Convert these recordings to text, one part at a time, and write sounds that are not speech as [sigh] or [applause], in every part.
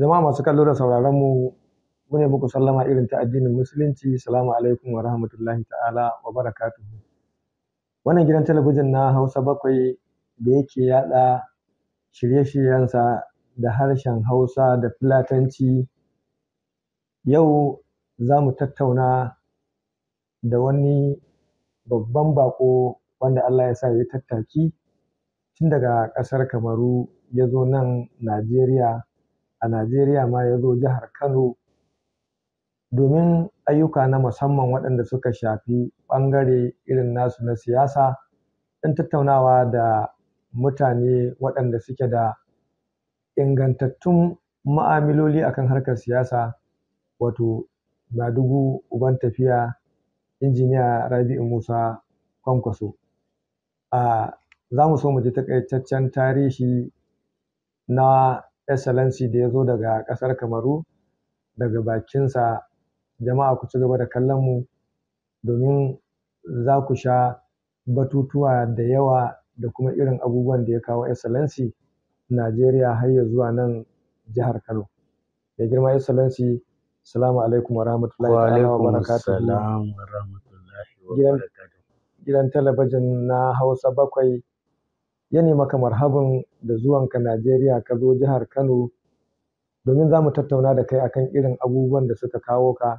Jama'a masu kallo da sauraron mu mune muku sallama irin ta addinin musulunci salamu alaikum wa rahmatullahi ta'ala wa barakatuhu. Wannan gidan talabijin na Hausa bakwai da yake yada shirye-shiryensa da harshen Hausa da filatanci yau za mu tattauna da wani babban bako wanda Allah ya sa ya yi tattaki tun daga kasar Kamaru ya zo nan Najeriya a Najeriya ma ya zo jihar Kano domin ayyuka na musamman waɗanda suka shafi ɓangare irin nasu na siyasa don tattaunawa da mutane waɗanda suke da ingantattun ma'amiloli akan harkar siyasa wato Madugu uban tafiya injiniya Rabi'u Musa Kwankwaso. A ah, za mu so mu ji taƙaitaccen tarihi na excellency da ya zo daga ƙasar kamaru daga bakinsa jama'a ku ci gaba da kallon mu domin za ku sha batutuwa da yawa da kuma irin abubuwan da ya kawo excellency najeriya har ya zuwa nan jihar kano ya girma excellency salamu alaikum wa rahmatullahi wa barakatuhu gidan talabijin na hausa bakwai ya ne maka marhaban da zuwanka Najeriya ka zo jihar Kano domin za mu tattauna da kai akan irin abubuwan da suka kawo ka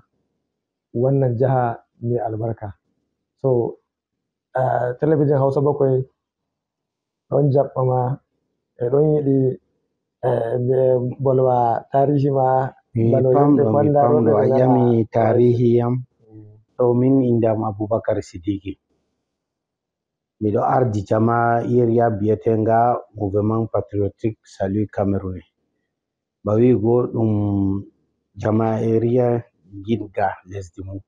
wannan jiha mai albarka. So, uh, talabijin Hausa bakwai don jaɓa ma, don eh, yi ɗi eh, bolwa tarihi ma, Mi pamɗo a ƴami tarihi yam, ɗo mm. min indam Abubakar Sidiki. mi ɗo arditama yeriya biyetenga gouvernement patriotique salut cameroni ba wigo ɗum jama eriya ginga lesdi mum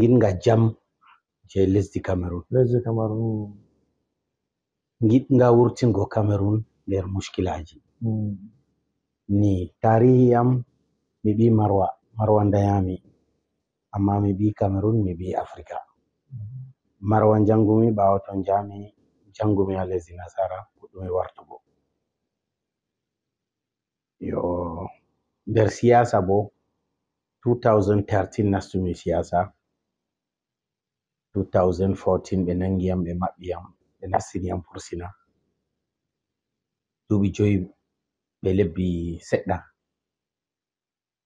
ginga jam je lesdi cameron lesdi cameron giɗga wurtingo cameron nder mushkilaji hmm. ni tarihi am mi ɓi marwa marwa dayami amma mi ɓi cameron mi ɓi africa hmm. marwan jangumi ɓaawo ton jaami janngumi ha lesdi nasara ɗum e wartugo yo nder siyasa bo 2013 nastumi siyasa 2014 ɓe nangi yam ɓe maɓɓi yam ɓe nastini yam fursina duuɓi joyi ɓe lebbi seɗɗa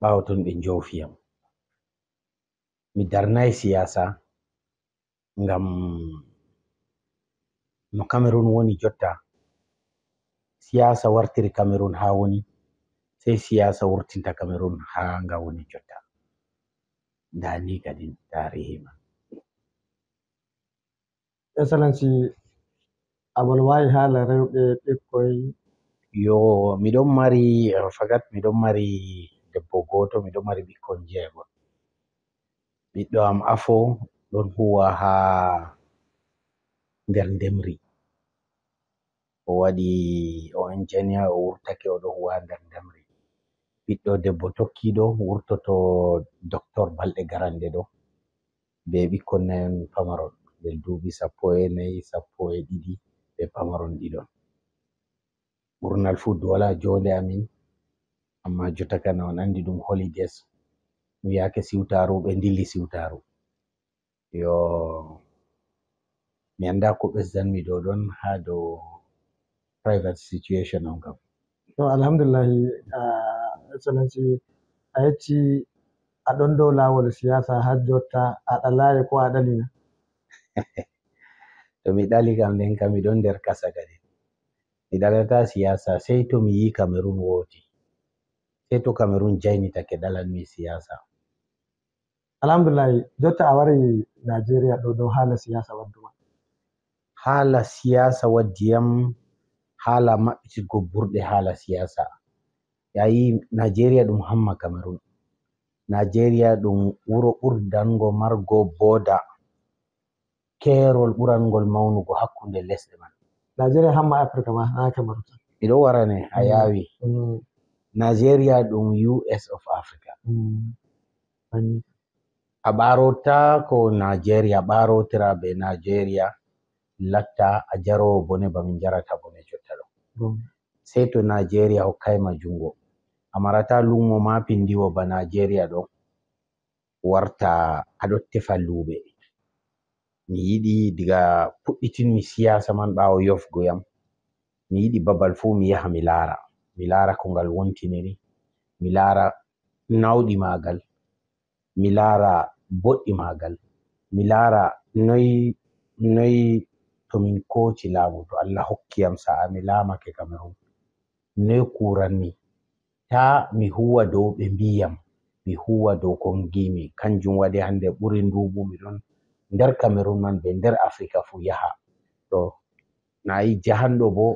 ɓawo ton ɓe jofiyam yam mi darnayi siyasa ngam no cameron woni jotta siyasa wartiri cameron ha woni sei siyasa wurtinta cameron ha nga woni jotta nda ni kadin tarihi man excellenci abol wawi haala rewɓe ɓikkoy yo miɗon mari fagat miɗon mari debbo goto miɗon mari ɓikkon jeegon ɓiɗɗo am afo ɗon huwa ha nder ndemri o waɗi o injinia o wurtake o ɗo huwa ha nder ndemri ɓiɗɗo debbo tokkiɗo wurtoto doctor balɗe garande ɗo be ɓikkon nayon pamaron ɓe duuɓi sappo e nayi sappo e ɗiɗi be pamaron ɗiɗon ɓurnal fu du wala jonde amin amma jotta kam on andi ɗum holidays ɗum yaake siwtaaru ɓe ndilli siwtaaru. Yo mi annda ko ɓesdanmi ɗo ɗon haa dow private situation on kam. To alhamdulillahi uh, ah, excellency a yecci aɗon dow lawol siyasa ha jotta aɗa laayi ko a ɗalina. [laughs] to mi ɗali kam nden kam miɗon nder kasa kadi mi ɗalata siyasa sei to mi yi cameron wooti sei to cameron jaynitake ɗalanmi siyasa alhamdulillah jotta a wari nigeria ɗo dow haala siyasa wadduma haala siyasa waddiyam haala maɓɓitirgo burɗe haala siyasa yayi nigeria ɗum hamma cameron nigeria ɗum wuro ɓurdango margo boda keerol ɓurangol mawnugo hakkunde lesɗe man nigeria hamma africa ma ha cameron tan miɗo warane a mm. yaawi mm. nigeria ɗum us of africa mm. abarota ko nigeria barotira be nigeria latta a jarowo bone bamin jarata bone jotta ɗo mm. sei to nigeria hokkaima jungo a marata lumo ma pindiwo ba nigeria ɗo warta aɗo tefa luɓe mi yiɗi diga puɗɗitinmi siyasa man ɓawo yofgoyam mi yiɗi babal fuu mi yaha mi laara mi laara ko ngal wontiniri mi laara nawɗi magal mi laara boɗɗi maagal mi laara noyi noyi to min koci laamu to allah hokkiyam sa'a mi laamake kamerun noyi kuranmi taa mi huwa dow ɓe mbiyam mi huwa dow kon gimi kanjum waɗi hannde ɓuri nduuɓu miɗon nder kamerun man ɓe nder africa fuu yaha to naayi jahanɗo bo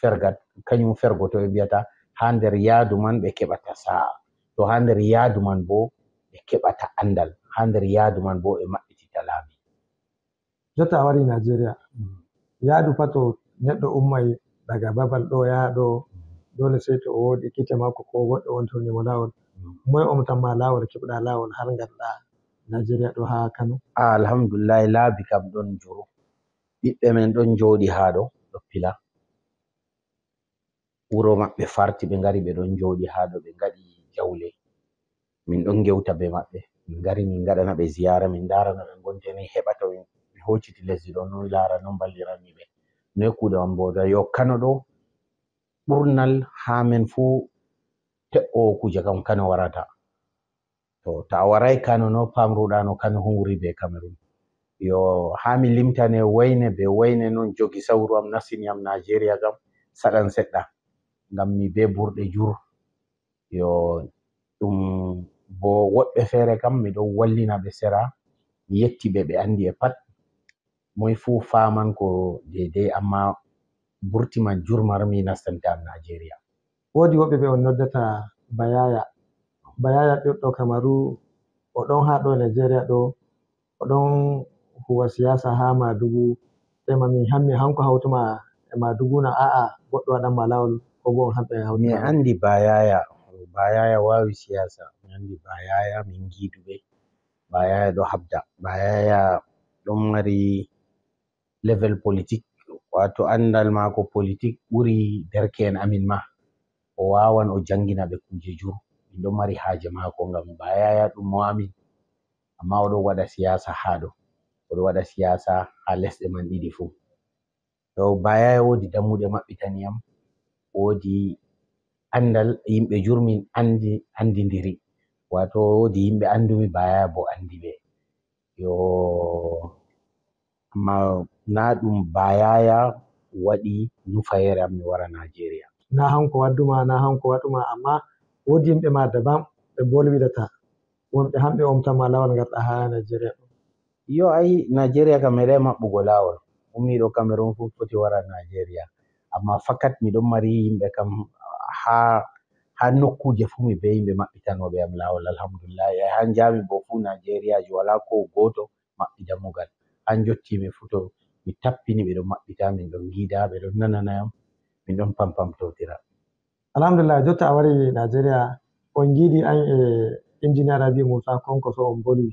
fergat kañum fergo to ɓe mbiyata haa nder yaadu man ɓe keɓata sa'a to haa nder yaadu man bo ɓe keɓata anndal ha nder yaadu man bo ɓe maɓɓititta laabi jotta a wari nigeria mm. yaadu pat o neɗɗo ummay daga babal ɗo yaha ɗo mm. dole sey to o woodi kite makko ko goɗɗo won tone mo laawol mm. moy omtanma laawol keɓɗa laawol har ngalɗa nigeria ɗo ha kano alhamdulillahi laabi kam ɗon juro ɓiɓɓe men ɗon jooɗi ha ɗo ɗo pila wuro maɓɓe farti ɓe ngari ɓe ɗon jooɗi ha ɗo ɓe ngaɗi jawle min ɗon ngewta be maɓɓe min ngari min ngaɗana ɓe ziyara min ndarana ɓe gonteni heɓa to mi hocciti lesdi ɗo non laara non ballirani ɓe noi kuuɗe wan boda yokkano ɗo ɓurnal haa men fuu te'oo kuje kam kano warata to to a warai kano no pamruɗano kano hunguri be cameron yo haa mi limtane wayne be wayne non jogi sawru am nassini am nigeria kam saɗan seɗɗa ngam mi be burɗe jur yo ɗum bo woɓɓe feere kam mi ɗon wallina ɓe sera mi yetti ɓe ɓe anndi e pat moy fuu faaman ko deydey amma burtiman jurmar mi nastante am nigéria woodi woɓɓe ɓe on noddata bayaya bayaya ɗirɗo kamaru o ɗon haa ɗo nigéria ɗo o ɗon huwa siyasa haa madugu ɓema min hammi hanko hawtuma e madugu na a'a goɗɗo waɗanma laawol ko bo on hamɓe mi anndi bayaya ba yaya wawi siyasa nandi ba yaya min giduɓe ba yaya ɗo habda ba yaya ɗon mari level politik wato andal mako politik ɓuri derke'en amin ma o wawan o jangina ɓe kuje jur min ɗon mari haje mako ngam ba yaya ɗum mo amin amma oɗo waɗa siyasa ha ɗo oɗo waɗa siyasa ha lesɗe man ɗiɗi fu to ba yaya wodi dammuɗe maɓɓitaniyam wodi andal yimɓe jurmin andi andidiri wato wodi yimɓe andumi baya bo andi ɓe yo amma na ɗum bayaya waɗi nufayere am mi wara nigeria na hanko wadduma na hanko waɗuma amma wodi yimɓe ma dabam ɓe bolwiɗata wonɓe hamɓe omtanma lawol ngarɗa ha nigeria ɗum yo ayi nigeria kam meɗa maɓɓugo lawol ummiɗo cameron fu foti wara nigeria amma fakat miɗon mari yimɓe kam ha ha nokkuje fu mi beyi ɓe maɓɓitanoɓe am lawol alhamdulillahi e ha jami bo fu nigeriaji wala ko goto maɓɓi dammugal han jottimi fu to mi tappini ɓeɗon maɓɓita min ɗon giida ɓeɗon nananayam min ɗon pampamtotira alhamdulillah jotta a wari nigeria on giidi an e injiniére abi moussa konko so on bolwi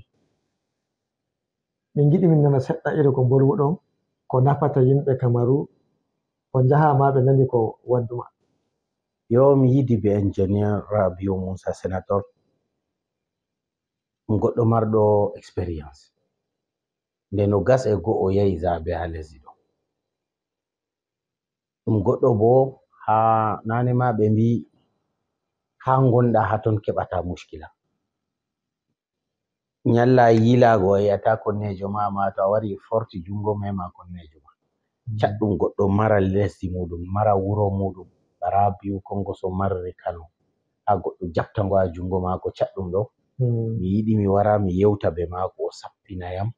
min giɗi min nana seɗɗa iri ko bolwuɗon ko nafata yimɓe kamaru ko njaha ma ɓe nani ko wadduma yo mi yidi be engineer rabio musa senator goɗɗo marɗo experience nden o gas e go'o yahi zabe ha lesdi ɗo ɗum goɗɗo bo ha nane ma ɓe mbi ha gonɗa ha ton keɓata mushkila nyalla yilago a yi'ata konnejo ma ma to a wari forti jungo mema konnejo ma catɗum goɗɗo mara lesdi muɗum mara wuro muɗum Rabiu Kongoso Marre Kano ha goɗɗo jabta ngo ha jungo mako chaɗɗum ɗo hmm. mi yiɗi mi wara mi yewta be mako o sappina yam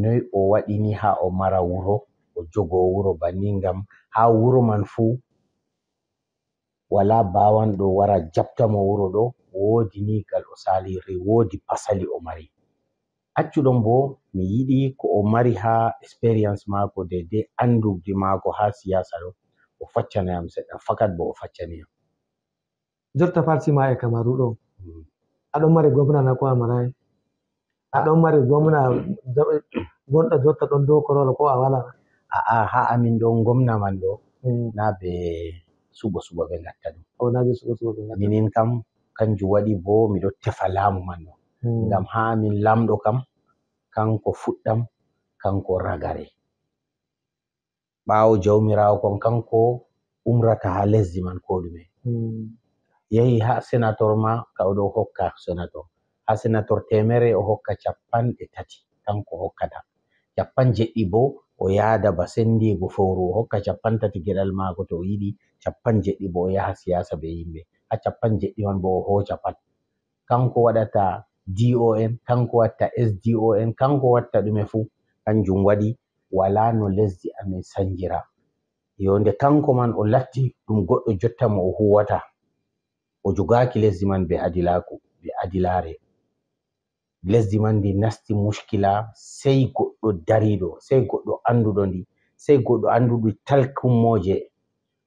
noi o waɗini ha o mara wuro o jogo wuro banni ngam ha wuro man fu wala bawan ɗo wara jabta mo wuro ɗo wodi ni gal o saliri wodi pasali o mari accuɗon bo mi yiɗi ko o mari ha experience mako dedei andugdi mako ha siyasa ɗo o faccanayam seɗɗa fakat bo o faccaniyam jotta parti ma e kamaruɗo mm. aɗon mari gomna na ko amarai aɗon mari gomna gonɗo jotta ɗon dow korola ko a wala aa ha amin ɗon gomna man ɗo mm. na ɓe suɓo suɓo ɓe gatta ɗum naɓe suɓo suɓo ɓe minin kam kanjum waɗi bo miɗo tefa laamu man ɗo mm. ngam ha amin lamɗo kam kanko fuɗɗam kanko ragare ɓawo jawmirawo kon kanko umrata ha lesdi man ko ɗume yahi ha senator ma ka oɗo hokka senator ha senator temere o hokka capanɗe tati kanko hokkata capan jeɗɗi bo o yaada ba sendigo fowru o hokka capan tati geɗal mako to o yiɗi capan jeɗɗi bo o yaha siyasa be yimɓe ha capan jeɗɗi man bo o hoca pat kanko waɗata don kanko watta sdon kanko watta ɗume fu kanjum waɗi wala no lesdi amin sanjira yonde kanko man o latti ɗum goɗɗo jotta mo o huwata o jogaki lesdi man be adilaku be adilare lesdi man ndi nasti muskila sei goɗɗo dariɗo sei goɗɗo anduɗo ndi sei goɗɗo anduɗo talkummoje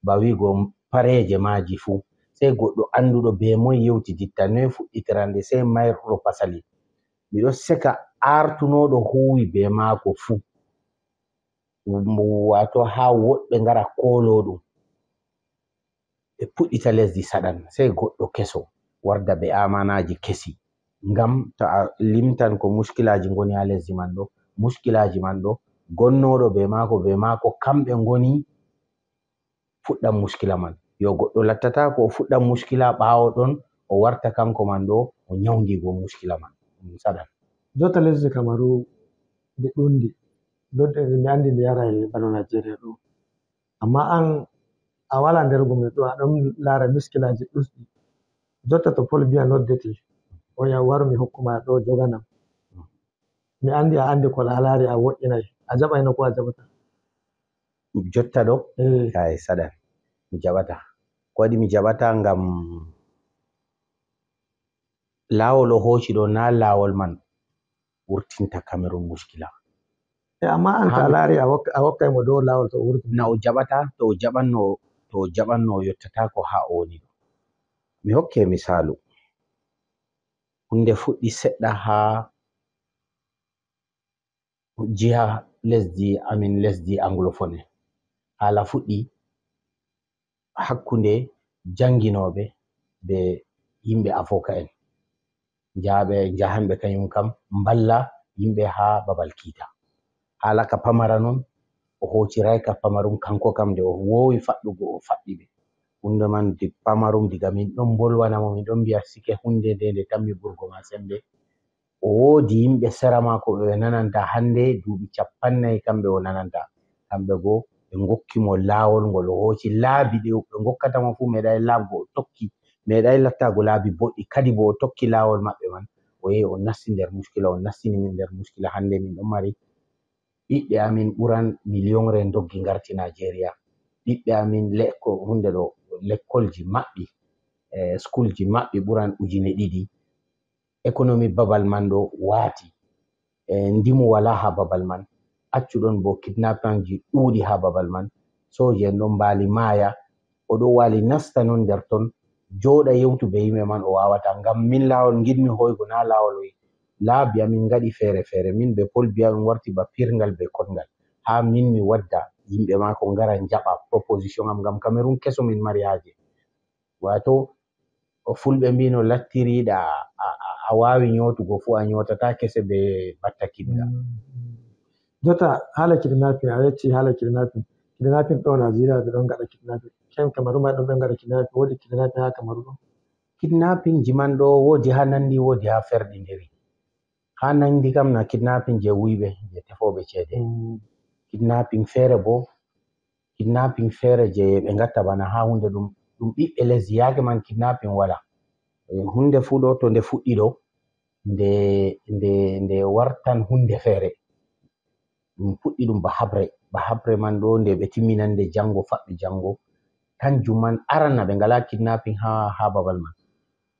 ba wigo pareje maji fu sei goɗɗo anduɗo be moye yewti ditta noye fuɗɗitirande sei mayrɗo pasali miɗo seka artunoɗo huwi be maako fuu wato ha woɓɓe ngara kolo ɗum ɓe puɗɗita lesdi saɗan sei goɗɗo keso warda be amanaji kesi ngam to a limtan ko muskilaji ngoni ha lesdi man ɗo muskilaji man ɗo gonnoɗo be mako be mako kamɓe ngoni fuɗɗan muskila man yo goɗɗo lattata ko o fuɗɗan muskila ɓawo ɗon o warta kanko man ɗo o nyawdigo muskila man saɗan jota lesdi kamaru nde ɗondi ndi eh, anndi ndi yarani bano Najeriya ɗo. Amma an a walaa nder gure ɗo aɗon lara miskilaaji ɗuuɗɗi. Jotta to pol mbi'a noddete, on ya waru mi hokkuma ɗo joganam. Mi andi a andi ko laalaari a wo'inai a jaɓay no ko a jaɓata. Jotta ɗo eh. ay saɗan mi jaɓata. Ko waɗi mi jaɓata ngam laawol o hooci ɗo na laawol man wurtinta Cameron muskila. e amma an to a laari a hokkay mo dow laawol to wurti na o jaɓata to o jaɓanno to o jaɓanno o yottataako haa ooni ɗo mi hokke misaalu hunde fuɗɗi seɗɗa haa jiha lesdi amin lesdi anglophone haala fuɗɗi hakkunde janginooɓe be yimɓe afoka'en njaaɓe njahanɓe kañum kam mballa yimɓe haa babal kiita haalaka pamara non o hociraika pamarum kanko kam nde o woowi faɗɗugo o faɗɗi ɓe hunde man di pamarum diga min ɗon mbolwanamo min ɗon mbiya sike hunde nde nde tammi burgo ma sembe o woodi yimɓe sera maako ɓe nananta hannde duuɓi capannayi kamɓe o nananta kamɓe goo ɓe ngokki mo laawol ngol o hooci laabi ɗe ɓe ngokkatamo fuu meeɗay laabgo o tokki meeɗay lattaago laabi boɗɗi kadi bo o tokki laawol maɓɓe man o yehi o nasti nder muskila o nastini min nder muskila hannde min ɗon mari ɓiɓɓe amin ɓuran milliyonre doggi ngarti nijeria ɓiɓɓe amin lekko hunde ɗo lekkolji maɓɓi e schoolji maɓɓi ɓuran ujine ɗiɗi economi babal man ɗo waati e ndimu wala ha babal man accuɗon bo kidnappanji ɗuuɗi ha babal man soje en ɗon mbaali maaya oɗo waali nasta non nder ton jooɗa yewtu be yimɓe man o wawata ngam min laawol ngiɗmi hoygo na laawol oyi laabiya min gaɗi feere feere min be pol biya min warti ba pirgal be konngal ha min mi wadda yimɓe maako ngara jaɓa proposition am ngam cameron keso min mari haaje wato fulɓe mbino lattiriɗa a wawi nyotugo fuu a nyotata kese be batta kidga jotta haala kidnapping a yecci haala kidnapping kidnapping ɗo nigeria ɓe ɗon gaɗa kidnapping ken camaru ma ɗon ɓe gaɗa kidnapping woodi kidnapping ha camaru ɗo kidnapping jiman ɗo woodi ha nandi woodi ha ferɗindiri haa nanndi kam na kidnapping jey wuyɓe jey tefooɓe ceede kidnapping feere bo kidnapping feere jey ɓe ngatta bana haa hunde ɗum ɗum ɓiɓɓe lesdi yaake man kidnapping wala hunde fuu ɗo to nde fuɗɗi ɗo nde nde wartan hunde feere ɗum fuɗɗi ɗum ba haɓre ba haɓre man ɗo nde ɓe timminande janngo faɓɓi janngo kanjum man arana ɓe ngalaa kidnapping haa babal man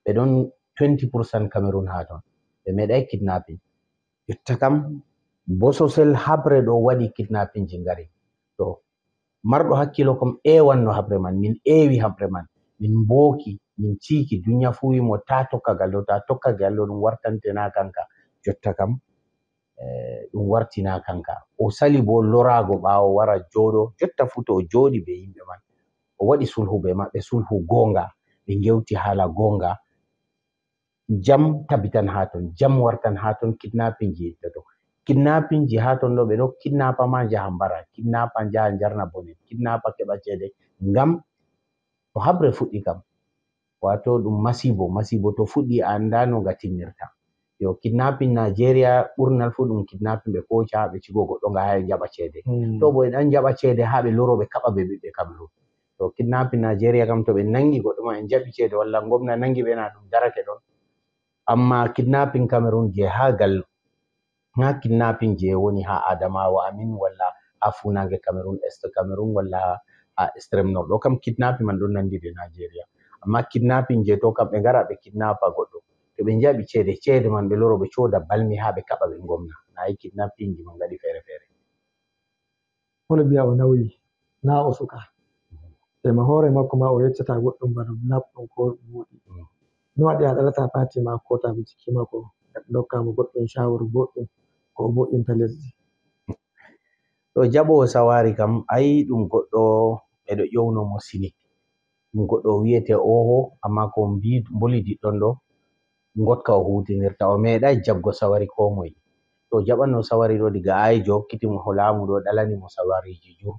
ɓe ɗon 20 pourcent cameron haa ton ɓe meɗai kidnapping jotta kam bososel habre ɗo waɗi kidnapping ji ngari to marɗo hakkilo kam ewanno habre man min ewi habre man min mboki min ciiki duniya fu wimo ta tokkagal ɗo ta tokkagal ɗo ɗum wartantena kanka jotta kam e, ɗum wartina kanka o sali bo lorago ɓawo wara joɗo jotta fu to o joɗi be yimɓe man o waɗi sulhu be maɓɓe sulhu gonga ɓe gewti hala gonga jam tabitan haa ton jam wartan haa ton kidnapping ji yitta to kidnapping ji haa ton ɗo ɓe ɗo kidnapa ma njaha mbara kidnapa njaha njarna bone kidnapa keɓa ceede ngam to haɓre fuɗɗi kam wato ɗum masibo masibo to fuɗɗi annda no nga timmirta yo kidnapping nigeria ɓurnal fu ɗum kidnapping ɓe koca ɓe cigo goɗɗo nga haa e jaɓa ceede hmm. to bo en an jaɓa ceede haa ɓe loroɓe kaɓa ɓe ɓiɓɓe kamlu to kidnapping nigeria kam to ɓe nangi goɗɗo ma en jaɓi ceede walla gomna nangi ɓena ɗum darake ɗon amma kidnapping cameron je hagal ha kidnapping je woni ha adamawa amin walla ha funange cameron est cameron walla ha extreme nord ɗo kam kidnapping man ɗon nandiri nigeria amma kidnapping je to kam ɓe gara ɓe kidnapa goɗɗo to ɓe jaɓi ceede ceede man ɓe loro ɓe cooda balmi ha ɓe kaɓa ɓe gomna nayi kidnapping ji man gaɗi feere feere hono mbiya o nawi na o suka mm. ema hoore makko ma o yeccata goɗɗum bana nabɗum ko ɗum woɗi mm. no waɗi a ɗalata pati ma ko tabi jiki mako dokkamo goɗɗum shawur boɗɗum ko bo'inta lesdi ɗo jaɓo sawari kam ayi ɗum goɗɗo ɓeɗo ƴowno mo sini ɗum goɗɗo wiyete oho amma ko mboli diɗɗon ɗo gotka o hutinirta o meeɗai jaggo sawari ko moye to jaɓanno sawari ɗo diga ayijo hokkiti mo laamu ɗo ɗalani mo sawariji jur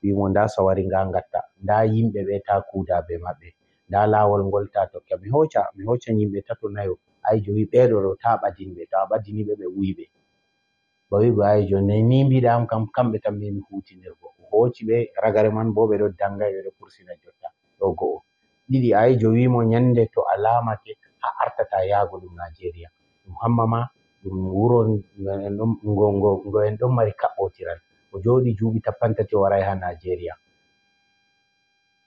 wimo nda sawari nga gatta nda yimɓe ɓe ta kuda be maɓɓe nda lawol ngol ta tokka mi hoca mi hoca yimɓe tato nayo aijo wi ɓeɗo ɗo ta ɓadinɓe to a ɓadiniɓe ɓe wuyɓe ba wigo aijo nai ni mbiɗam kam kamɓe tan mimi hutinirgo hoci ɓe ragare man bo ɓe ɗo dangai ɓeɗo kursina jotta ɗo go'o ɗiɗi aijo wimo nyande to a lamake ha artata yaago ɗum nijeria ɗum hammama ɗum wuro ngo en ɗon mari kaɓɓotiral o joɗi juuɓi tappantati o warai ha nijeria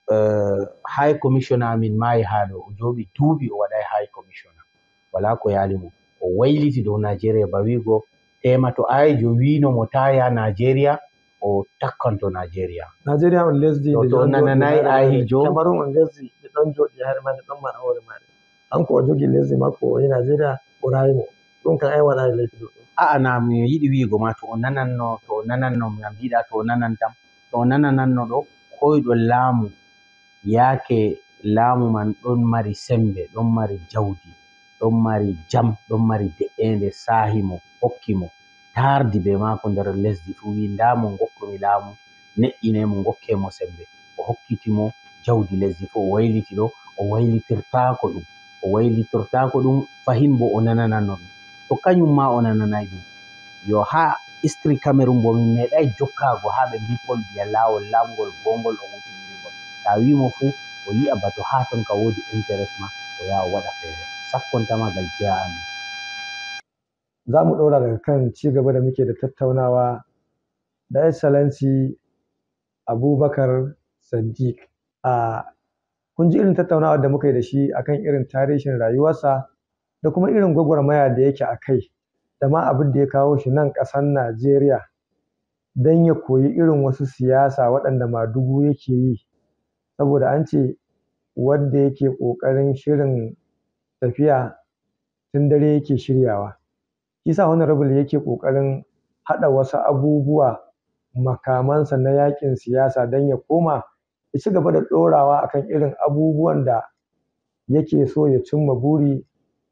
Eh, hi commissioner min maayi haa ɗo o jooɓi duuɓi o waɗay hi commissioner walaa ko yaali mum o wayliti dow nigeria ba wiigo tema to aijo wiino mo taaya nigeria o takkanto nigeria nigeria on lesdi to nananayi e aijocamaron on lesdi ɓe ɗon jooɗi e haare maɗe ɗon mara hoore maɗe kanko o jogi lesdi makko o yi nigeria o raayi mo ɗum kam ai waɗaari leydi ɗo a'a nam yiɗi wiigo ma to o nananno to o nananno ngam yiɗa to o nanan tam to o nanananno ɗo koyɗo laamu yaake laamu man ɗon mari sembe ɗon mari jawdi ɗon mari jam ɗon mari de'eende saahi mo hokki mo taardi bee maako nder lesdi fuu wii ndaa mo ngokkumi laamu ne'inee mo ngokkee mo sembe o hokkiti mo jawdi lesdi fuu o wayliti ɗo o waylitirtaako ɗum o waylitirtaako ɗum fahin bo o nanananno ɗum to kañum maa o nananay ɗum yo haa istri camerum bo min meeɗay jokkaago haa ɓe mbi pol biya laawol laamgol goongol o wutii تعويمه ولأبتحات كود interest ما ويا ودا fere Sakkun ta a nan. za mu ɗora daga kan ci gaba da muke da tattaunawa da excellency abubakar sadiq a kun ji irin tattaunawa da muka yi da shi akan irin tarihin rayuwarsa da kuma irin gwagwarmaya da yake a kai da ma abin da ya kawo shi nan ƙasar najeriya don ya koyi irin wasu siyasa waɗanda madugu yake yi saboda an ce wanda yake ƙoƙarin shirin tafiya tun dare yake shiryawa shi sa honorable yake ƙoƙarin haɗa wasu abubuwa makamansa na yaƙin siyasa don ya koma ya ci gaba da ɗorawa akan irin abubuwan da yake so ya cimma buri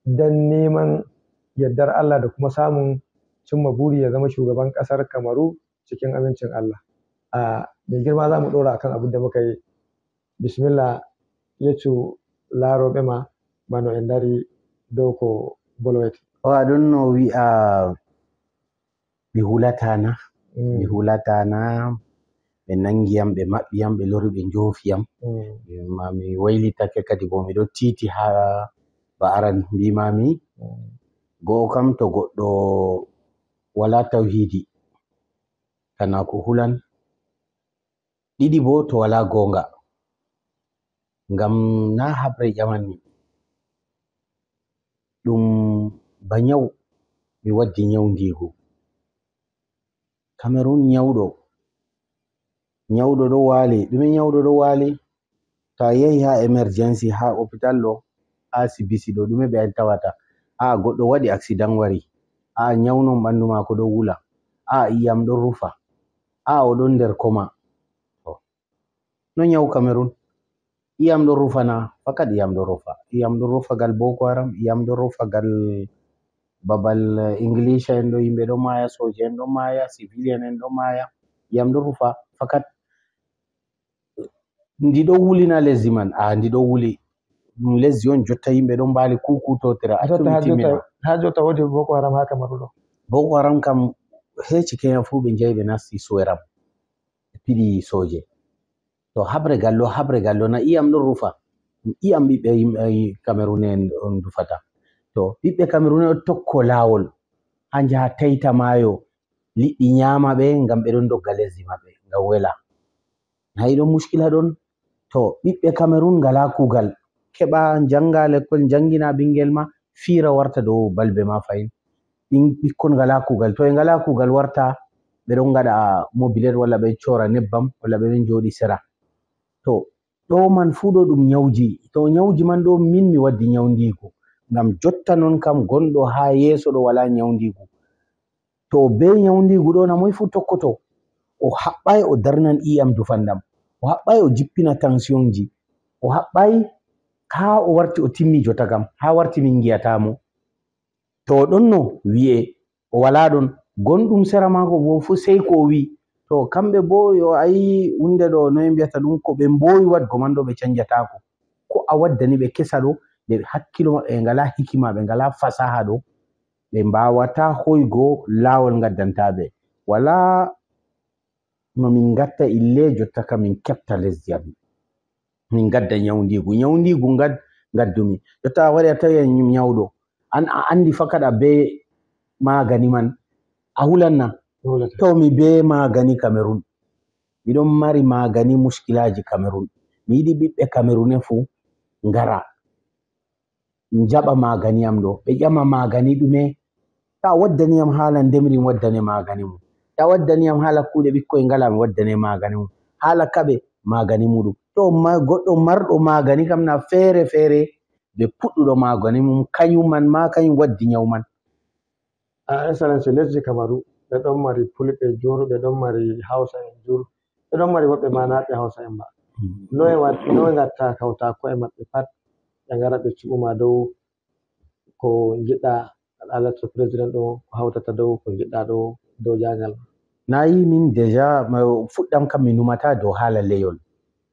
don neman yardar Allah da kuma samun cimma buri ya zama shugaban ƙasar Kamaru cikin amincin Allah. A mai girma za mu ɗora akan abin da muka yi bisimilla yeccu laaroɓe ma bano en dari dow ko bolowete o aɗon no wi'a ɓe hulatana ɓe mm. hulatana ɓe nangiyam ɓe maɓɓi ɓe lori ɓe njoofi mami mm. ma mi kadi bo miɗo titi ha ba aran mbimami go'o mm. kam to goɗɗo wala tawhidi kana ko hulan ɗiɗi bo to wala mm. ngam na habre ƴamanmi ɗum ba nyawu mi waddi nyawndiigu cameron nyawɗo nyawɗo ɗo waali ɗume nyawɗo ɗo waali to a yahi haa emergency haa hopital ɗo haa sibisi ɗo ɗume ɓe an tawata aa goɗɗo waɗi accident wari aa nyawnon ɓanndu maako ɗo wula aa iyam ɗon rufa aa o ɗon nder koma to no nyawu cameron iyam ɗo na fakat iyam ɗo rufa iyam rufa gal boko haram iyam ɗo rufa gal babal eh, english en ɗo yimɓe ɗo maya soje en ɗo maya civilian en ɗo maya iyam ɗo rufa fakat ndi do wulina lesdi man a ah, ndi do wuli ɗum lesdi on jotta yimɓe ɗon mbaali kukutotira ha jotta wodi boko haram ha kamaru boko haram kam hechi kenya fuu ɓe njahi ɓe nasti soweram soje to habre gallo habre gallo na iyam ɗon rufa iyam ɓiɓɓe eh, camerune en on dufata to ɓiɓɓe camerune o tokko laawol ha njaha taita maayo liɗɗi nyaama ɓe ngam ɓeɗon dogga lesdi maɓɓe ngam wela nayi ɗon muskila ɗon to ɓiɓɓe camerun ngala kuugal keɓa njannga lekkol njanngina ɓingel ma fiira warta dow balbe ma fayin ɓikkon ngala kuugal to ɓe ngala kuugal warta ɓeɗon ngaɗa mobilet walla ɓe cora nebbam walla ɓeɗon jooɗi sera to ɗo man fuu ɗo ɗum nyawji to nyawji man ɗo min mi waddi nyawndiigu ngam jotta non kam gonɗo haa yeeso ɗo walaa nyawndiigu to bee nyawndiigu ɗo namoy fuu tokkoto o haɓɓay o darnan iyam dufandam o haɓɓay o jippina tansionji o haɓɓay haa o warti o timmii jota kam haa warti min ngi'ataamo to ɗon no wi'e o walaa ɗon gonɗum sera maako boo fuu sey ko o wi'i to kamɓe bo yo ayi hunde ɗo noye mbiyata ɗum ko ɓe mboowi waɗgo man ɗo ɓe canjataako ko a waddani ɓe kesa ɗo nde hakkilo maɓɓe ɓe ngalaa hikima ɓe ngalaa fasaha ɗo ɓe mbaawata hoygo laawol ngaddantaaɓe walaa no min ngatta ille jotta ka min keɓta lesdi amin min ngadda nyawndiigu nyawndiigu ngaddumi jotta a wari a tawi nyawɗo an a anndi fakaɗa be maagani man a hulanna to mi be magani cameron miɗon mari magani muskilaji cameron mi yiɗi ɓiɓɓe camerone fu ngara n jaɓa magani yam ɗo ɓe ƴama magani ɗume to a waddaniyam hala ndemrin waddane magani mum to a waddaniyam hala kuɗe ɓikkoy ngala mi waddane magani mum hala kaɓe magani muɗum to goɗɗo marɗo magani kam na feere feere ɓe puɗɗuɗo magani mum kañum man ma kañum waddi nyawman ah, excellence lesdi camaron ɓe ɗon mari pulɓe jur ɓe ɗon mari hausa'en jur ɓe ɗon mari woɓɓe manaɓe hausa'en ba mm. noe gatta kauta ko'e maɓɓe pat ɓe ngara ɓe cuɓuma dow ko giɗɗa alalato président ɗo ko hautata dow ko giɗɗa ɗo dow jagal nayi min déjà fuɗɗam kam mi numata dow hala leyol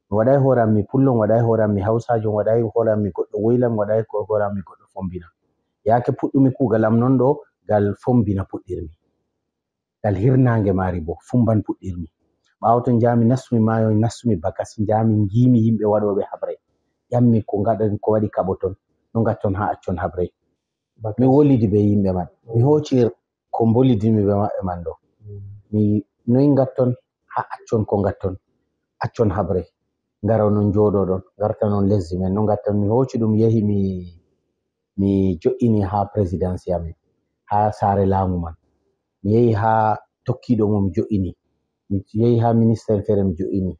mi waɗai horanmi pullon waɗai horanmi hausajo waɗai horanmi goɗɗo woylam waɗai horanmi goɗɗo fombina yake puɗɗumi kugal am non ɗo ngal fombina puɗɗirmi ngal hirnange maari bo fumban puɗɗirmi ɓaawo to jami nastumi maayo nastumi bakasi jami ngimi yimɓe waɗoɓe habre ƴammi ko ngaɗon ko waɗi kaɓo ton no gatton ha accon habre mi wolidi be yimɓe man mi mm. hooci ko mbolidimi be maɓɓe man ɗo mm. mi noyi ngatton ha accon ko gatton accon habre ngara non jooɗo ɗon garta non lesdi men no gatton mi hoci ɗum yehi mi mi jo'ini ha présidence amin ha sare laamu man mi yahi haa tokkiiɗo mo mi jo'ini mi yahi haa ministére feere mi jo'ini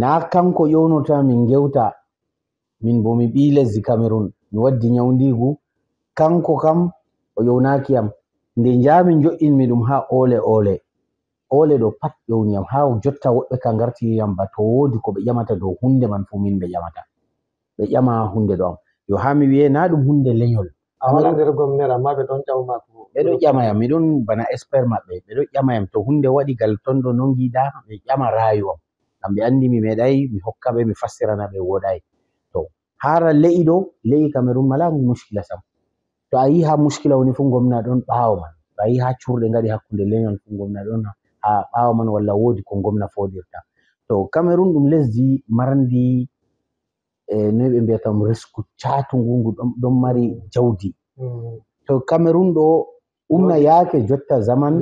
naa kanko ƴownota min ngewta min bo mi ɓii lesdi cameron mi waddi nyawndiigu kanko kam o ƴownaaki yam nde njaami jo'inmi ɗum haa oole oole oole ɗo pat ƴowni yam haa jotta woɓɓe ka ngartiriyam ba to woodi ko ɓe ƴamata dow hunde man fuu min ɓe ƴamata ɓe ƴama hunde ɗo am yo haa mi wi'e naa ɗum hunde leñol awaander gomnere amma ɓe ɗon ƴama ɓe ɗo ƴamayam miɗon bana expert maɓɓe ɓe ɗo ƴamayam to hunde waɗi gal tonɗo non giɗa mi ƴama rayuwam ngam ɓe anndi mi meeɗay mi hokka ɓe mi fassirana ɓe woɗay to hara le'i ɗo le'i cameron mala muskila sam to a yii ha muskila woni fu gomna ɗon ɓaawo man to a yii ha curɗe ngaɗi hakkunde leyol fu gomna ɗon ha ɓaawo man walla woodi ko gomna foɗirta to cameron ɗum lesdi marandi E noyi ɓe mbiyatam risku catungu ngu ɗon mari jawdi mm. to cameron ɗo umna yaake jotta zaman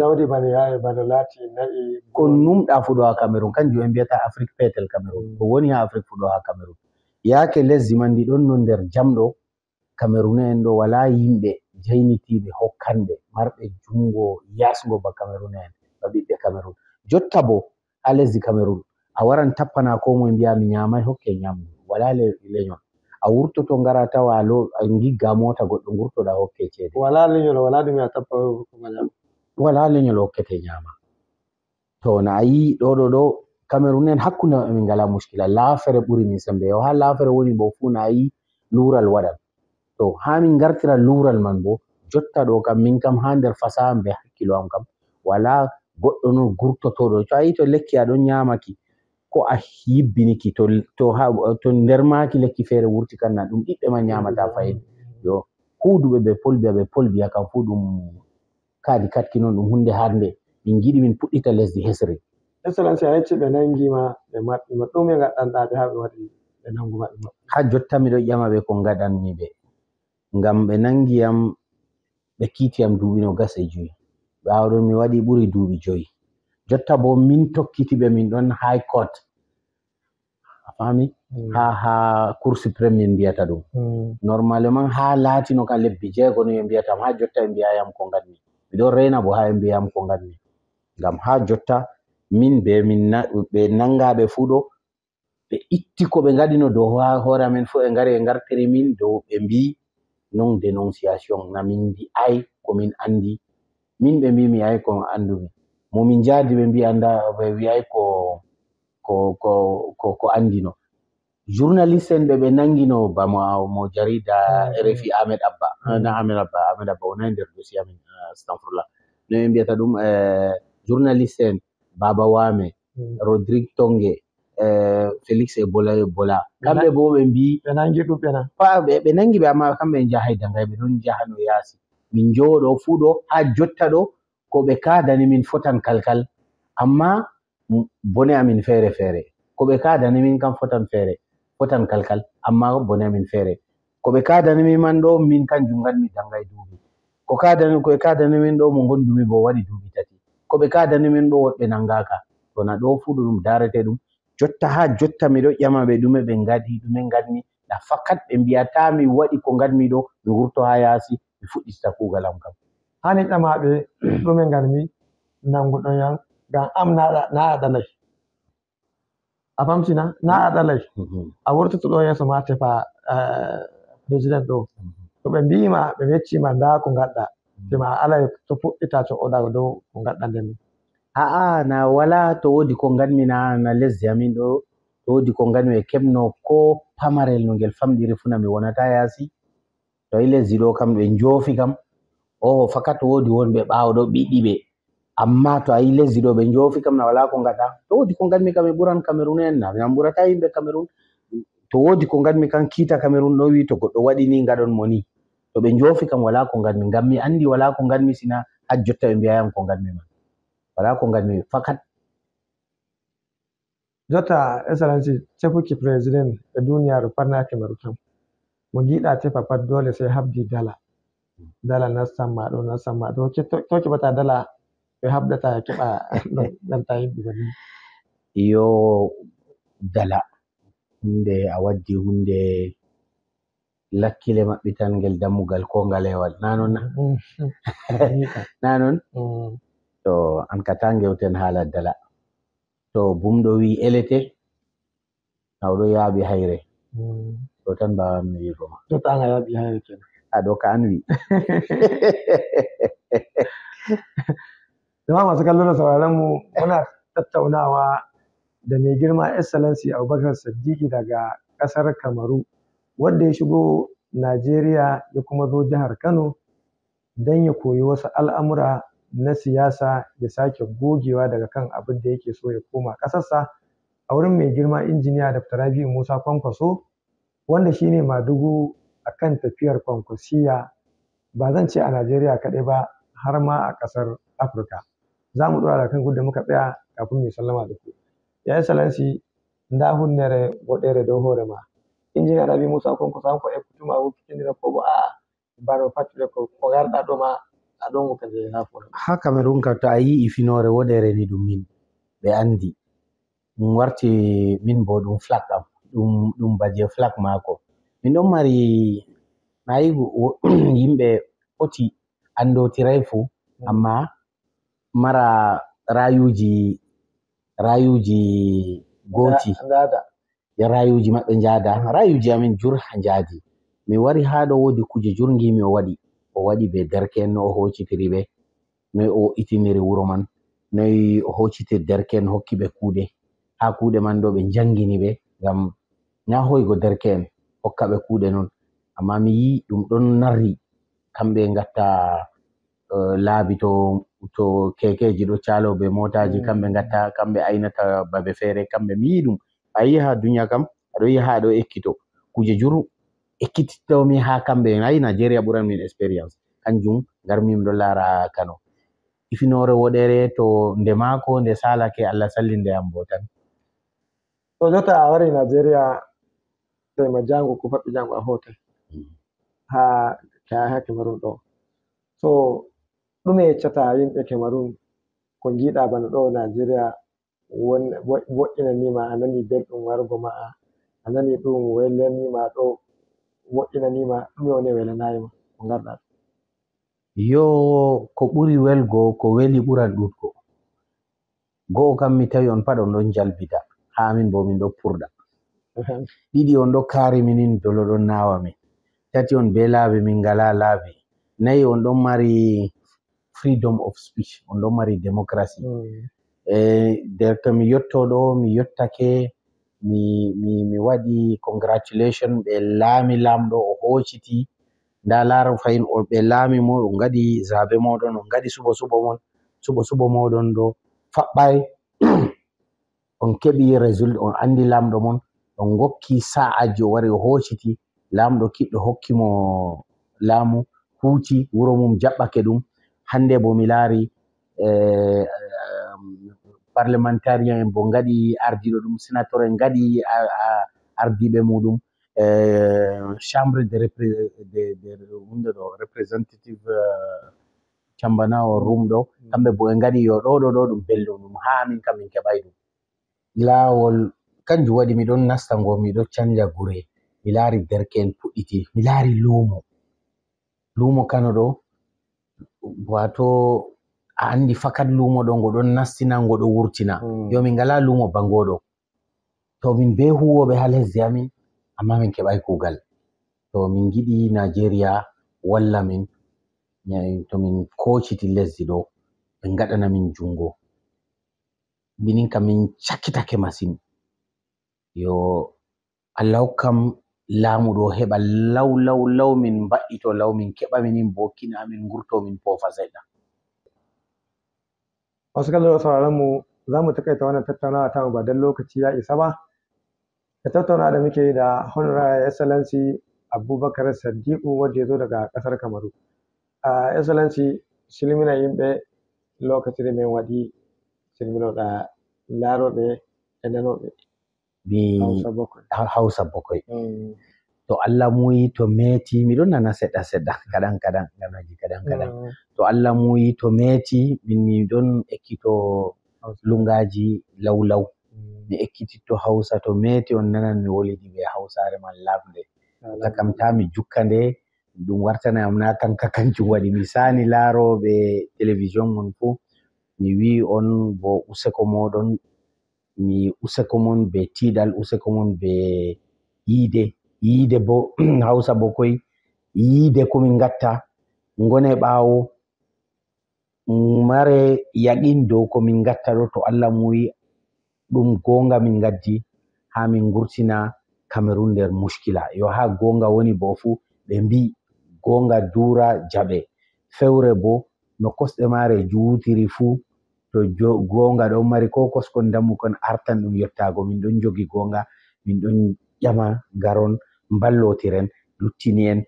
ko numɗa fuɗo ha cameron kanjum ɓe mbiyata afrique petel cameron mm. ko woni ha afrique fuɗo ha cameron yaake lesdi man ndi ɗon no nder jamɗo cameron en ɗo wala yimɓe jeynitiɓe hokkanɓe marɓe jungo yasgo ba cameron en ba ɓiɓɓe cameron jotta bo ha lesdi cameron a waran tappana ko moye mbiya mi ñamai hokke ñamgu wala lenyol a wurtoto ngara tawa lo ngigga mota goɗɗo ngurtoɗa hokke ceede wala lenyol wala ɗum a tappa wala lenyol hokkete nyama to na a yi ɗo ɗo ɗo cameron en hakkunde maɓɓe min ngala muskila laafere ɓuri min sembe yo ha laafere woni bo fuu na a yi lural waɗan to ha min ngartira lural man bo jotta ɗo kam min kam ha nder fasaha be hakkilo am kam wala goɗɗo non gurtotoɗo to a yi to lekki aɗon nyamaki ko a hibbiniki to ndermaki lekki feere wurti kanna ɗum ɗiɓɓe ma ñamata mm. fayin yo huuduɓe ɓe polbiya ɓe polbiya kam fuu ɗum kaadi katki noon ɗum hunde harnde min giɗi min puɗɗita lesdi hesri excellence a yecci ɓe nangima ɓe maɓɓima ɗume gaɗɗanɗa ɓe ha ɓe waɗi ɓe nangu maɓɓima ha jotta miɗo ƴama ɓe ko gaɗanmi ɓe ngam ɓe nangiyam ɓe kiitiyam duuɓino gase joyi ɓawɗon mi waɗi ɓuri duuɓi joyi jotta bo min tokkitiɓe min ɗon high cort a faami mm. ha ha cour suprême min mbiyata ɗum mm. normalement ha laatino kam lebbi jeego no ɓe mbiyatam ha jotta ɓe mbiyayam ko ngatmi miɗon reyna bo ha ɓe mbiyayam ko ngatmi ngam ha jotta min be min ɓe nanngaɓe fuu ɗo ɓe itti ko ɓe ngaɗino dow ha hoore amen fuu ɓe ngari ɓe ngartiri min dow ɓe mbi non dénonciation na min mbi ay komin anndi min ɓe mbi mi ay ko andumi momin jaadi ɓe mbi anda ɓe wi'ay ko ko ko ko ko andino journaliste en ɓe ɓe nangino bama mo jarida ah. refi ahmed abba ah, na ahmed abba ahmed abba wonai e nder dossier amin ah, stanfourla no ɓe mbiyata ɗum eh, journaliste en baba wame hmm. rodrigue tonge eh, félix e bola e. bola kamɓe bo ɓe mbiɓe nangi ɗuɓɓena ɓe nangi ɓe amma kamɓe en jahay dangayɓe ɗon jahano yaasi min jowoɗo fuu ɗo ha jotta ɗo ko ɓe kadani min fotan kalkal amma bone amin feere feere ko ɓe kadani min kam fotan feere fotan kalkal amma bone amin feere ko ɓe kadani min man ɗo min kanjum ngan mi dangay duuɓi ko ko koɓe kadani min ɗo mo gondumi bo waɗi duuɓi tati ko ɓe kadani min ɗo woɓɓe nanngaka tona ɗo fuu ɗum darete ɗum jotta haa jotta miɗo ƴama ɓe ɗume ɓe ngadi ɗume ngadmi na fakat ɓe mbiyata mi waɗi ko ngadmi ɗo mi wurto haa yaasi mi fuɗɗista kuugal am kam hani ƴamaɓe mm. ɗume ngarmi nanguɗon yan ngam am na aɗalay a famtina na aɗalay a wurtoto ɗo yeeso ma tefa eh, président ɗo mm-hmm. to ɓe mbima ɓe weccima nda ko gaɗɗa mm. tema alay to puɗɗita coɗoɗa dow ko gaɗɗa ndeni aa na wala to wodi ko ganmi na na lesdi amin ɗo to wodi ko ganmi ɓe keɓno ko pamarel no ngel famɗiri funa mi wonata yaasi to ayi lesdi ɗo kam ɓe njoofi kam o oh, fakat wodi wonɓe ɓawo ɗo ɓiɗɗiɓe amma to a yi lesdi ɗo ɓe jofi kam na wala ko gata to wodi ko ganmi kam e ɓuran cameron en na an ɓurata yimɓe cameron to wodi ko ganmi kam kiita cameron ɗo wi to goɗɗo waɗi ni gaɗon mo ni to ɓe jofi kam wala ko ganmi ngam mi andi wala ko ganmi sina ha jotta ɓe mbiyayam ko ganmi man wala ko ganmi fakat jotta excellency tefuki président e duniyaaru patnaki maru kam mo giɗa tefa pat dole sey habdi dala dala nastan ma ɗo nastan ma ɗo to keɓata dala ɓe haɓdata keɓa nanta himɓe bani yo dala hunde a waddi hunde lakkile maɓɓi tan ngel dammugal ko ngalewal na non na mm. [laughs] na non mm. to an kata ngewten hala dala to bumɗo wi elete na oɗo yaaɓi hayre ɗo mm. tan mbawan mi yigo ma jotta nga yaaɓi hayre kena a doka anwi dama [laughs] masu kallo da sauraron mu muna tattaunawa da mai girma excellency abubakar sadiki daga kasar kamaru wanda ya shigo najeriya ya kuma zo jihar kano don ya koyi wasu al'amura na siyasa ya sake gogewa daga kan abin da yake so ya koma ƙasarsa a wurin mai girma injiniya dr rabiu musa kwankwaso wanda shine madugu akan tafiyar kwankwasiya ba zan ce a Najeriya kaɗai ba har ma a ƙasar Afirka. Za mu ɗora da kan da muka tsaya kafin mu sallama da ku. Ya excellency ndahun nere woɗere dow hoore ma injinia rabi musa konko sanko e kutuma wokkitindira ko bo aa baro fattude ko ko garɗa ɗo ma aɗon ko kadi na fo ha cameron ka to a yi ifinore woɗere ni ɗum min ɓe andi Mun warti min bo ɗum flak am ɗum baje flak mako. min ɗon mari nayi [clears throat] yimɓe foti andotirai fu amma mara rayuji rayuji goti rayuji maɓɓe njada rayuji amin jurha njadi mi wari ha ɗo wodi kuje jurgimi o waɗi o waɗi be derken o hocitiri ɓe noyi o wo'itiniri wuro man noyi o hocitiri derken hokki ɓe kuɗe ha kuɗe man ɗo ɓe njangini ɓe ngam na hoygo derke'en hokka ɓe kuuɗe noon amma mi yii ɗum ɗon narri kamɓe ngatta e, laabi to to keekeji ɗo caalo be motaji mm. kamɓe ngatta kamɓe aynata babe feere kamɓe mi yii ɗum a yii haa duniya kam aɗo yii haa aɗo ekkito kuuje juru ekkititomi haa kamɓe ayi nigéria ɓuran min expérience kanjum ngarmi mi ɗo laara kano ifinoore woɗere to nde maako nde saalake allah salli nde am bo tan to jota a wari nigéria tema jango ko faɓɓi jango a hotai mm. ha kaha kemarun ɗo so ɗume yeccata yimɓe kemarun ko jiɗa bana ɗo nigeria wo'inanima a nani belɗum warugo ma'a a nani ɗum wellanima ɗo wo'inanima ɗume wone welanayima ko garɗa yo ko ɓuri welgo ko weli ɓuran ɗutgo go'o kam mi tawi on paɗon ɗon jalbita ha min bo min ɗo purɗa ɗiɗi on ɗo kaari minin dolo ɗon naawa min tati on bee laabi min ngalaa laabi nayi on ɗon mari freedom of speech on ɗon mari democracy mm. e nder to mi yottoo ɗo mi yottake mi waɗi congratulation ɓe laami laamɗo o hoociti ndaa laara fahin ɓe laami mo o ngaɗi zaabe mooɗon o ngaɗi suɓo suɓo mon suɓo suɓo mooɗon ɗo faɓɓay [clears throat] on keɓi résultat on anndi laamɗo mon on gokki sa'aji o wari o hocciti laamɗo kiɗɗo hokkimo laamu huuti wuro mum jaɓɓake ɗum hannde bo mi laari eh, parlementarien en bo ngaɗi ardiɗo ɗum sénateur en ngaɗi ardiɓe muɗum eh, chambre de hunde ɗo représentative eh, cambana o rum ɗo mm. kamɓe bo ɓe ngaɗi yo ɗo ɗo ɗo ɗum belɗum ɗum min kam min keɓay ɗum kanjum waɗi miɗon nasta ngo miɗo canja gure mi laari derke'en puɗɗiti mi laari luumo luumo kano ɗo wato a andi fakat luumo ɗo ngo ɗon nastina ngo ɗo wurtina hmm. yo min ngala luumo bangoɗo to min be huwoɓe ha lesdi amin amma min keɓai kuugal to min giɗi nijeria walla min to min kociti lesdi ɗo ɓe ngaɗana min jungo minin kam min cakkitake masin yo allah kam lamu do heba law law law min baito law min keba min bokina min gurto min pofa zaida wasu da sauraron mu za mu takaita wannan tattaunawa ta ba dan lokaci ya isa ba ta tattauna da muke da honorary excellency abubakar sadiqu wanda yazo daga kasar kamaru a excellency silmina yimbe lokaci da mai wadi silmino da laroɓe e mi hausa bokoy mm. to allah muyi to meti miɗon nana seɗɗa seɗɗa mm. kaɗan kaɗan ganaji kaɗan kaɗan mm. to allah muyi to meti min miɗon ekkito lungaji law law mi ekkititto hausa to meti on nanan mi woliɗi ɓe hausare man lamde ah, ta kam ta mi jukka nde ɗum wartanayam na tanka kancum waɗi mi sani laaroɓe télévision mon fuu mi wi on bo useko moɗon mi useko mon be tiidal useko mon be yiide yiide bo [clears throat] hausa bo koy yiide komin ngatta ngone ɓaawo mare yaqin dow komin ngatta ɗo to allah muyi ɗum goonga min ngaddi haa min ngurtina cameron nder muskila yo haa goonga woni bo fuu ɓe mbi goonga duura jaɓe fewre bo no kosɗe maare juutiri fuu to gonga ɗon mari ko koskon dammukon artan ɗum yottago min ɗon jogi gonga min ɗon ƴama ngaron mballotiren luttini en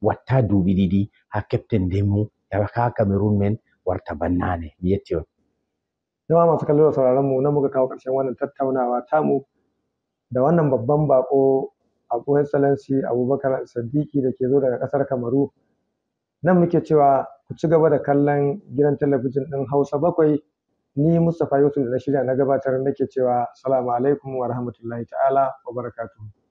watta duuɓi ɗiɗi ha kepten ndemu ka cameron men warta bannane mi yetti on masu kallo da sauraron mu nan muka kawo ƙarshen wannan tattaunawa tamu da wannan babban baƙo, abu excellency abubakar sadiki da ke zo daga ƙasar kamaru nan muke cewa ku ci gaba da kallon gidan talabijin ɗin hausa bakwai ni Mustapha Yusuf da na shirya na gabatar nake cewa salamu alaikum wa rahmatullahi ta'ala wa barakatuhu